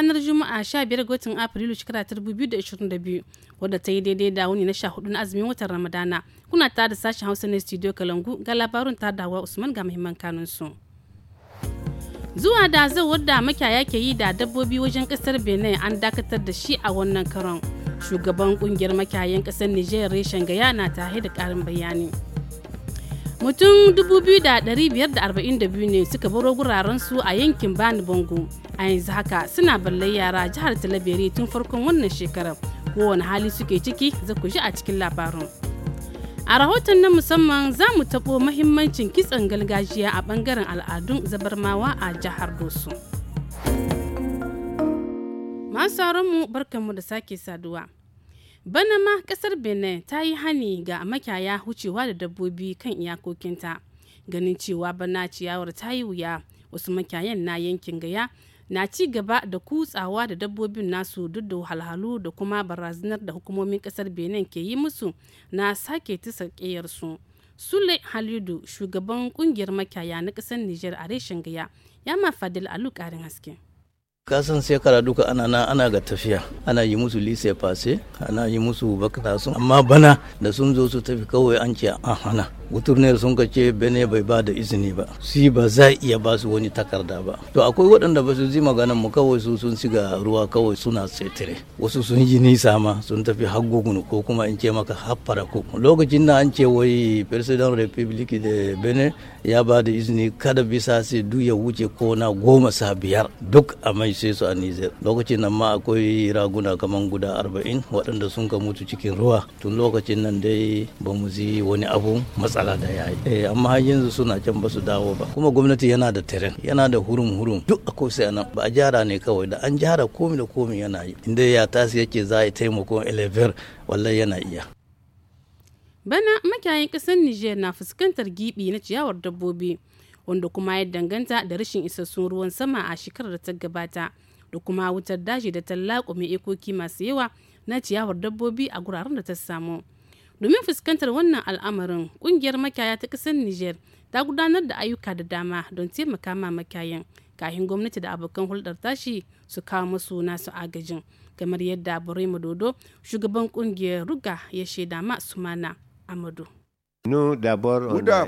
ranar Juma'a 15 ga watan Afrilu shekara 2022 wadda ta yi daidai da wuni na 14 na azumin watan Ramadana. Kuna ta da sashen Hausa na Studio Kalangu ga labarin ta dawa Usman ga muhimman kanunsu. Zuwa da zai wadda makiyaya ke yi da dabbobi wajen kasar Benin an dakatar da shi a wannan karon. Shugaban kungiyar makiyayan kasar Nijar reshen gaya na tare da karin bayani. Mutum 2,542 ne suka baro guraren su a yankin Bani Bongo. a yanzu haka suna ballai yara jihar talabere tun farkon wannan shekarar kowane hali suke ciki za ku ji a cikin labarin a rahoton na musamman za mu taɓo mahimmancin kitson gargajiya a ɓangaren al'adun zabarmawa a jihar doso masu mu barkanmu da sake saduwa bana ma kasar benin ta yi hani ga makyaya hucewa da dabbobi kan iyakokinta ganin cewa bana ciyawar ta yi wuya wasu makyayan na yankin gaya na ci gaba da kutsawa da dabbobin nasu duk da wahalhalu da kuma barazanar da hukumomin kasar benin ke yi musu na sake tisa ƙeyarsu sule halidu shugaban kungiyar makiyaya na ƙasar niger a reshen gaya ya ma fadil alu ƙarin haske kasan sai kara duka ana na ana ga tafiya ana yi musu lise fase ana yi musu bakna amma bana da sun zo su tafi kawai an ce an ah, hana guturnel sun ka ce bene bai ba da izini ba si ba za iya ba su wani takarda ba to akwai waɗanda ba su ji maganan mu kawai su sun shiga ruwa kawai suna setire wasu sun yi nisa ma sun tafi haggogun ko kuma in ce maka haffara ko lokacin da an ce wai president republic da bene ya ba da izini kada bisa sai du ya wuce ko na goma sa biyar duk a mai sai su a nizer. lokacin nan ma akwai raguna kaman guda arba'in waɗanda sun ka mutu cikin ruwa tun lokacin nan dai ba mu ji wani abu matsa matsala da yayi eh amma har yanzu suna can ba su dawo ba kuma gwamnati yana da teren yana da hurum hurum duk a kosai anan ba a jara ne kawai da an jara komi da komi yana yi inda ya tasi yake za a taimako elever wallahi yana iya bana makiyayin kasar niger na fuskantar gibi na ciyawar dabbobi wanda kuma ya danganta da rashin isassun ruwan sama a shekarar da ta gabata da kuma wutar daji da tallaƙo mai ikoki masu yawa na ciyawar dabbobi a guraren da ta samu domin fuskantar wannan al'amarin kungiyar makiyaya ta ƙasar niger ta gudanar da ayyuka da dama don taimaka ma makayan kahin gwamnati da abokan hulɗar tashi su kawo masu nasu agajin kamar yadda burema dodo shugaban kungiyar ruga ya shaida ma sumana amadu Mu da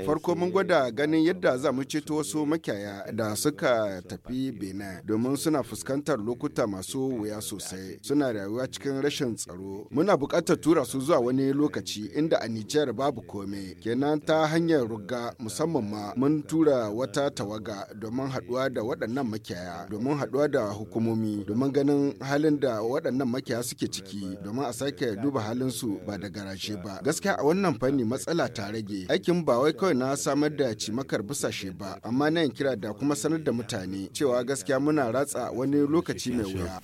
farko mun gwada ganin yadda za mu ceto wasu makiyaya da suka tafi Benin domin suna fuskantar lokuta masu wuya sosai suna rayuwa cikin rashin tsaro. Muna buƙatar tura su zuwa wani lokaci inda a Nijar babu kome. Kenan ta hanyar rugga musamman ma mun tura wata tawaga domin haɗuwa da waɗannan makiyaya domin haɗuwa da hukumomi domin ganin halin da waɗannan makiyaya suke ciki domin a sake duba halin su ba da garaje ba. Gaskiya a wannan fanni matsala tare. rage aikin ba wai kawai na samar da cimakar busashe ba amma na kira da kuma sanar da mutane cewa gaskiya muna ratsa wani lokaci mai wuya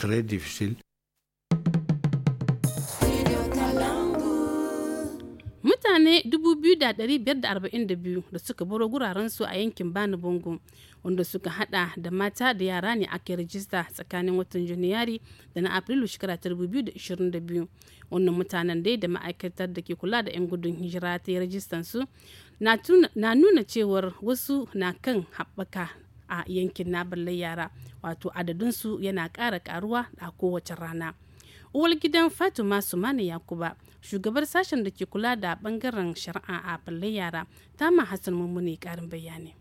mutane 2,542 da suka baro gurarensu a yankin bani bongo wanda suka hada da mata da yara ne aka rajista tsakanin watan janairu da na afrilu shekara 2022 wannan mutanen dai da ma'aikatar da ke kula da 'yan gudun hijira ta yi su na nuna cewar wasu na kan haɓaka a yankin nabalai yara wato adadinsu yana ƙara ƙaruwa a kowace rana uwar gidan fatima sumana yakuba shugabar sashen da ke kula da bangaren shari'a a balle yara ma hassan mummuni karin bayani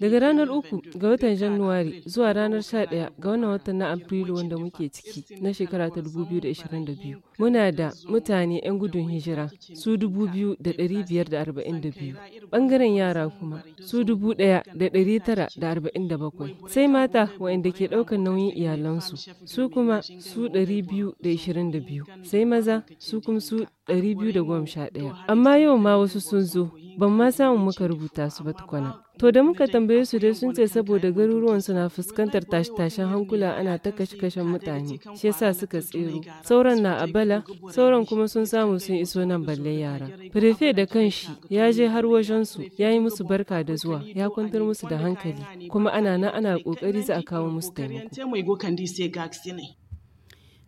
Daga ranar uku ga watan Januwari zuwa ranar 11 ga wannan watan na Afrilu wanda muke ciki na shekara ta 2022 muna da mutane 'yan gudun hijira su 2,542 bangaren yara kuma su 1,947 sai mata waɗanda ke ɗaukar nauyin iyalansu su kuma su 222 sai maza su kuma su 211 amma yau ma wasu sun zo ban ma samun muka rubuta su ba tukwana. To da muka tambaye su dai sun ce saboda garuruwan suna fuskantar tashe-tashen hankula ana ta kashe-kashen mutane, shi yasa suka tsero. Sauran na a bala, sauran kuma sun samu sun iso nan balle yara. Firefe da kanshi ya je har wajen su, ya yi musu barka da zuwa, ya kwantar musu da hankali, kuma ana na ana kokari za a kawo musu taimako.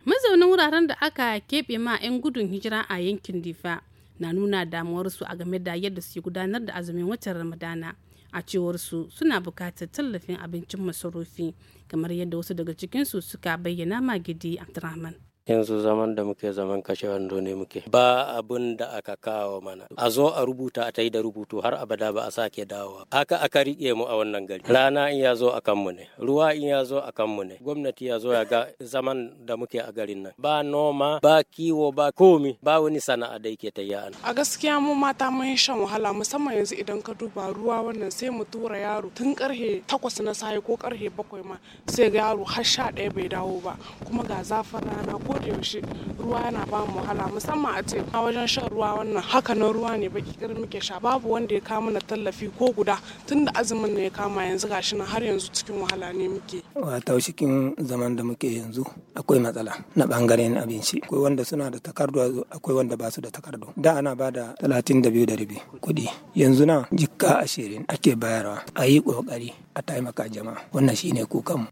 Mazaunin wuraren da aka keɓe ma 'yan gudun hijira a yankin Difa na nuna damuwarsu a game da yadda su gudanar da azumin watan ramadana a cewarsu suna bukatar tallafin abincin masarufi kamar yadda wasu daga cikinsu suka bayyana magidi abdurrahman yanzu zaman da muke zaman kashe wando ne muke ba abun da aka kawo mana a zo a rubuta a tayi da rubutu har abada ba a sake dawowa haka aka riƙe mu a wannan gari rana in ya zo a kanmu ne ruwa in ya zo a kanmu ne gwamnati ya zo ya ga zaman da muke a garin nan ba noma ba kiwo ba komi ba wani sana'a da yake ta yi a gaskiya mu mata mun shan wahala musamman yanzu idan ka duba ruwa wannan sai mu tura yaro tun karhe takwas na safe ko karhe bakwai ma sai ga yaro har sha ɗaya bai dawo ba kuma ga zafin rana ko yaushe ruwa yana ba mu wahala musamman a ce a wajen shan ruwa wannan haka na ruwa ne baki kar muke sha babu wanda ya kama mana tallafi ko guda tunda azumin ne ya kama yanzu gashi na har yanzu cikin wahala ne muke wato cikin zaman da muke yanzu akwai matsala na bangaren abinci akwai wanda suna da takardu akwai wanda ba su da takardu da ana ba da talatin da biyu da rabi kuɗi yanzu na jikka ashirin ake bayarwa a yi ƙoƙari a taimaka jama'a wannan shine kukanmu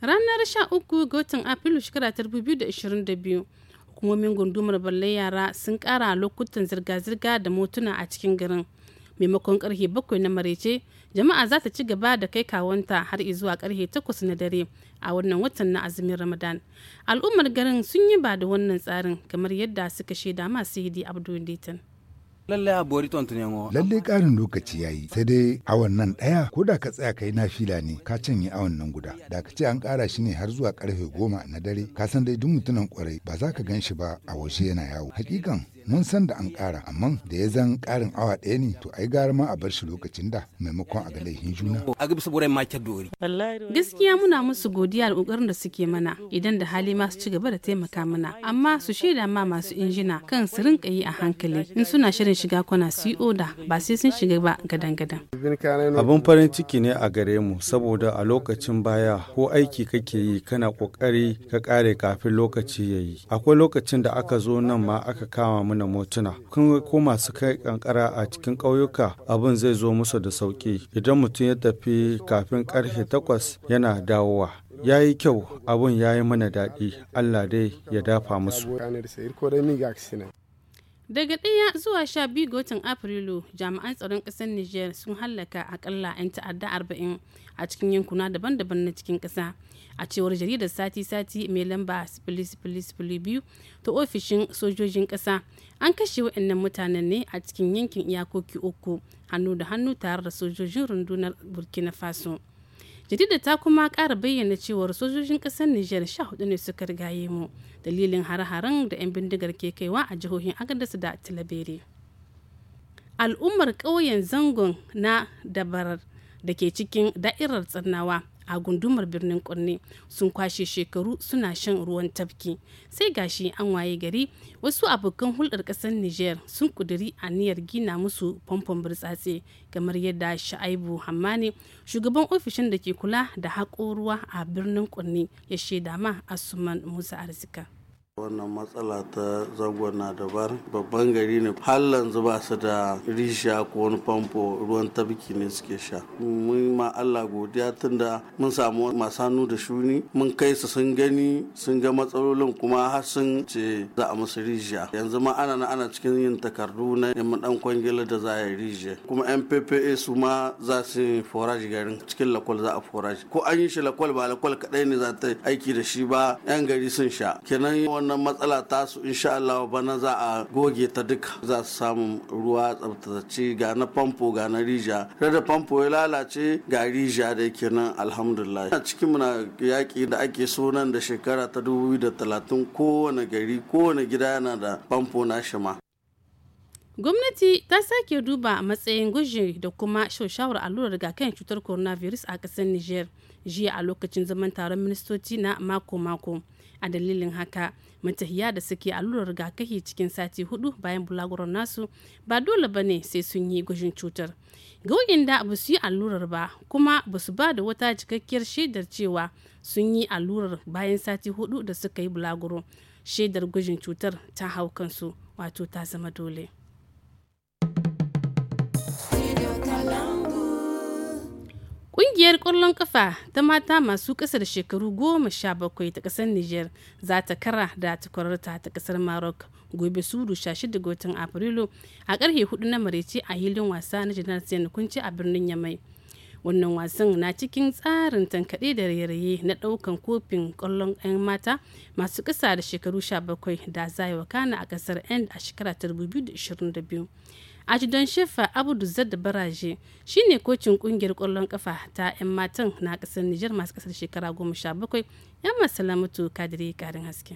ranar 13 ga watan afrilu shekara 2022 hukumomin gundumar balle yara sun kara lokutan zirga-zirga da motuna a cikin garin maimakon karfe bakwai na marece jama'a za ta ci gaba da kai kawanta har zuwa karfe takwas na dare a wannan watan na azumin ramadan al'ummar garin sun yi ba da wannan tsarin kamar yadda suka shaida masu hidi abdul lalle a bori tontun yango lalle karin lokaci yayi sai dai awon nan daya ko da ka tsaya kai nafila ne ka cinye awon nan guda da ka ce an kara shi ne har zuwa karfe goma na dare ka san dai duk mutunan kwarai ba za ka gan shi ba a waje yana yawo hakikan mun san da an kara amma da ya zan karin awa ɗaya ne to ai gara ma a bar shi lokacin da maimakon a ga laifin juna. Gaskiya muna musu godiya da da suke mana idan da hali ma su ci gaba da taimaka mana amma su shaida ma masu injina kan su rinka yi a hankali in suna shirin shiga kwana su yi oda ba sai sun shiga ba gadan-gadan. Abin farin ciki ne a gare mu saboda a lokacin baya ko aiki kake yi kana ƙoƙari ka kare kafin lokaci ya yi. Akwai lokacin da aka zo nan ma aka kama mana motuna kun ko masu kai kankara a cikin ƙauyuka abin zai zo musu da sauƙi idan mutum ya tafi kafin karfe takwas yana dawowa ya yi kyau abin ya yi mana daɗi allah dai ya dafa musu daga ɗaya zuwa sha biyu ga watan afrilu jami'an tsaron ƙasar niger sun hallaka akalla 'yan ta'adda arba'in a cikin yankuna daban-daban na cikin ƙasa a cewar jaridar sati-sati mai lamba biyu ta ofishin sojojin ƙasa an kashe waɗannan mutanen ne a cikin yankin iyakoki uku hannu da hannu tare da sojojin rundunar burkina faso jarida ta kuma ƙara bayyana cewar sojojin ƙasar nijar sha hudu ne suka rigaye mu dalilin hare-haren da 'yan bindigar ke kaiwa a jihohin agadas da talabere al'ummar ƙauyen zangon na dabarar da ke cikin da'irar tsarnawa a gundumar birnin kunne sun kwashe shekaru suna shan ruwan tafki sai gashi an waye gari wasu abokan hulɗar ƙasar niger sun a aniyar gina musu famfon burtsatse kamar yadda sha'aibu hammane shugaban ofishin da ke kula da haƙo ruwa a birnin kunne ya shaida ma asuman musa arzika wannan matsala ta na dabar. babban gari ne yanzu zuba su da risha ko wani famfo ruwan tabiki ne suke sha mun ma Allah godiya tun da mun samu masu hannu da shuni mun kai su sun gani sun ga matsalolin kuma har sun ce za a musu risha yanzu ma ana ana cikin yin takardu na yamma dan kwangila da za a yi risha kuma MPPA su ma za su forage garin cikin lakwal za a forage ko an yi shi lakwal ba lakwal kadai ne za ta aiki da shi ba yan gari sun sha kenan wannan matsala tasu insha Allah bana za a goge ta duka za su samu ruwa tsaftace ga na famfo ga na rija da famfo ya lalace ga rija da yake nan alhamdulillah a cikin muna yaƙi da ake so nan da shekara ta 2030 kowane gari kowane gida yana da famfo na shima gwamnati ta sake duba matsayin gwaji da kuma shawarar allurar rigakafin cutar coronavirus a ƙasar niger jiya a lokacin zaman taron ministoci na mako-mako a dalilin haka matahiya da suke allurar rigakafi cikin sati hudu bayan bulaguron nasu ba dole ba ne sai sun yi gwajin cutar ga da ba su yi allurar ba kuma ba su ba da wata cikakkiyar shaidar cewa sun yi allurar bayan sati hudu da suka yi bulaguro shaidar gwajin cutar ta hau kansu wato ta zama dole Ƙungiyar ƙwallon ƙafa ta mata masu ƙasa da shekaru goma sha bakwai ta ƙasar Nijar za ta kara da takwararta ta ƙasar Maroc gobe sudu 16 ga watan Afrilu a ƙarfe hudu na maraice a hilin wasa na Janar Sen Kunce a birnin Yamai. Wannan wasan na cikin tsarin tankaɗe da raye-raye na ɗaukan kofin ƙwallon 'yan mata masu ƙasa da shekaru 17 da zai wakana a ƙasar End a shekara 2022. a ajidan shefa abu da baraje shine kocin kungiyar kwallon kafa ta 'yan matan na kasar nijar masu kasar shekara goma sha bakwai 'yan masalamatu kadiri karin haske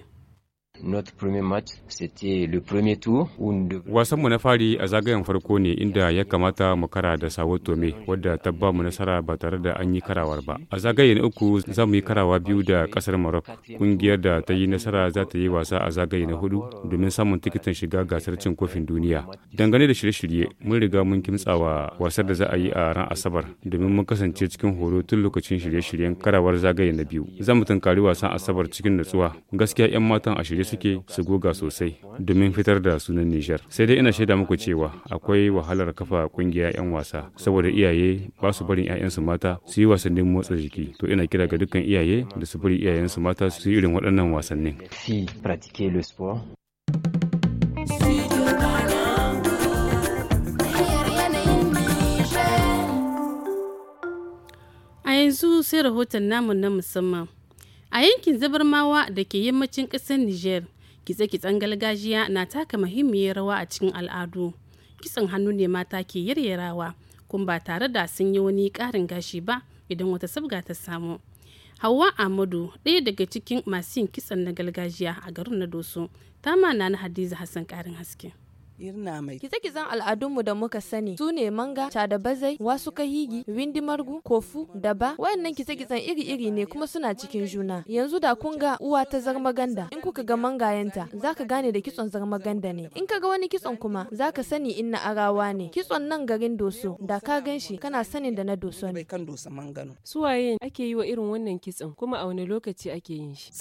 Wasanmu na fari a zagayen farko ne inda ya kamata mu kara da Sawo Tome wadda ta ba mu nasara ba tare da an yi karawar ba. A zagaye na uku za mu yi karawa biyu da kasar marok Kungiyar da ta yi nasara za ta yi wasa a zagaye na hudu domin samun tikitin shiga gasar cin kofin duniya. Dangane da shirye-shirye mun riga mun kimtsawa wasar da za a yi a ran Asabar domin mun kasance cikin horo tun lokacin shirye-shiryen karawar zagaye na biyu. Za mu tunkari wasan Asabar cikin natsuwa. Gaskiya 'yan matan a shirye suke su goga sosai domin fitar da sunan Nijar. Sai dai ina shaida muku cewa akwai wahalar kafa kungiya 'yan wasa saboda iyaye ba su barin 'ya'yansu mata su yi wasannin motsa jiki. To ina kira ga dukkan iyaye da su bari iyayensu mata su yi irin waɗannan wasannin. A yanzu sai rahoton namun na musamman. A yankin zabarmawa da ke yammacin ƙasar Nijar, kitse-kitsen gargajiya na taka muhimmiyar rawa a cikin al'adu. Kitson hannu ne mata ke yaryarawa, kuma ba tare da sun yi wani ƙarin gashi ba idan wata sabga ta samu. Hauwa Amadu, ɗaya daga cikin masu yin kitson na gargajiya a garin na Doso, ta mana na Hadiza Hassan ƙarin haske. irna mai kize al'adunmu da muka sani su ne manga ca da bazai wasu kahigi windimargu kofu daba wayannan kize kizan iri-iri ne kuma suna cikin juna yanzu da kun ga uwa ta zarmaganda in kuka ga mangayenta ka gane da kitson zarmaganda ne in ka ga wani kitson kuma za ka sani in na arawa ne kitson nan garin doso da ka gan shi kana sanin da na doso ne kan dosa mangano waye ake yi wa irin wannan kitson kuma a wani lokaci ake yin shi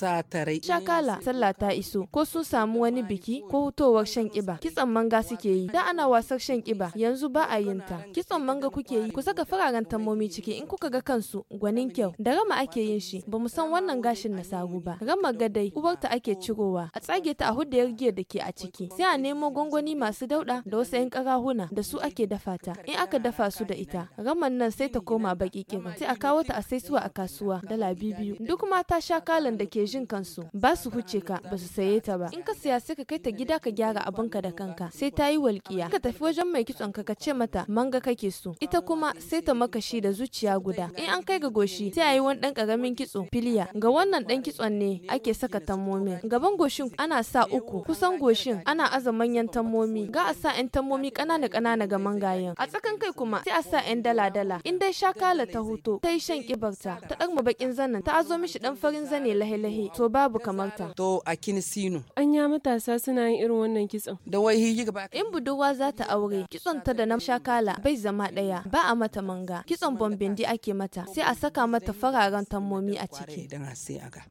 rai shakala sallah ta iso ko sun samu wani biki ko hutowar shan kiba kitson manga manga suke yi da ana wasar shan kiba yanzu ba a yin ta kitson manga kuke yi ku saka fararen tammomi ciki in kuka ga kansu gwanin kyau da rama ake yin shi ba san wannan gashin na sagu ba rama gadai uwarta ake cirowa a tsage ta a hudayar giyar da ke a ciki sai a nemo gwangwani masu dauda da wasu yan karahuna da su ake dafa ta in aka dafa su da ita raman nan sai ta koma baki kiba sai a kawo ta a saisuwa a kasuwa dala biyu duk mata sha kalan da ke jin kansu ba su huce ka ba su saye ta ba in ka siya sai ka kai ta gida ka gyara abinka da kanka sai ta yi walƙiya ka tafi wajen mai kitson ka ce mata manga kake so ita kuma sai ta makashi da zuciya guda in an kai ga goshi sai a yi wani ɗan ƙaramin kitso filiya ga wannan ɗan kitson ne ake saka tammomin gaban goshin ana sa uku kusan goshin ana aza manyan tammomi ga a sa 'yan tammomi ƙanana ƙanana ga mangayen a tsakan kai kuma sai a sa 'yan dala dala in dai shakala ta huto ta yi shan kibarta ta ma bakin zanen. ta azo mishi ɗan farin zane lahe-lahe to babu kamarta to a kinisino an ya matasa suna yin irin wannan kitson da wai In budurwa za ta aure, kitson ta da na shakala bai zama ɗaya, ba a mata manga, kitson bombindi ake mata, sai a saka mata fararen tammomi a ciki.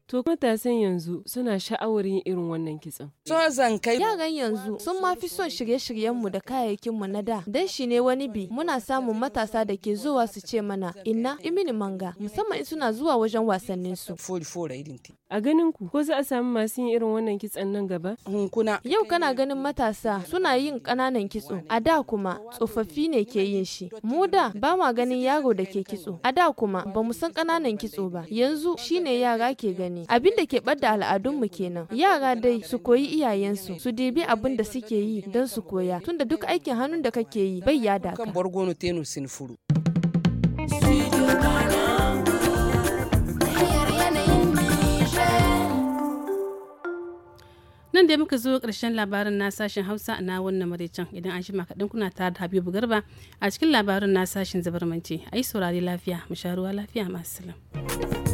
To matasan yanzu suna sha'awar yin irin wannan kitson. Yaran yanzu sun ma fi son shirye-shiryenmu da kayayyakinmu na da, dan shi ne wani bi muna samun matasa da ke zuwa su ce mana inna imini manga musamman in suna zuwa wajen wasannin su. A ganin ku ko za a samu masu yin irin wannan kitson nan gaba? Yau kana ganin matasa suna yin ƙananan kitso. A da kuma tsofaffi ne ke yin shi. Mu da ba ma ganin yaro da ke kitso. A da kuma ba mu san ƙananan kitso ba. Yanzu shine yara ke gani. Abin da ke ɓadda al'adunmu kenan. Yara dai su koyi iyayensu, su dibi abin da suke yi don su koya. Tunda duk aikin hannun da kake yi bai ya da. Kan borgono tenu sinfuru. nan da muka zo ƙarshen labarin na sashen hausa na wannan maraicin idan an shima kaɗan kuna tare da habibu garba a cikin labarin na sashen zabarmanci a yi saurari lafiya mu sha ruwa lafiya masu salam.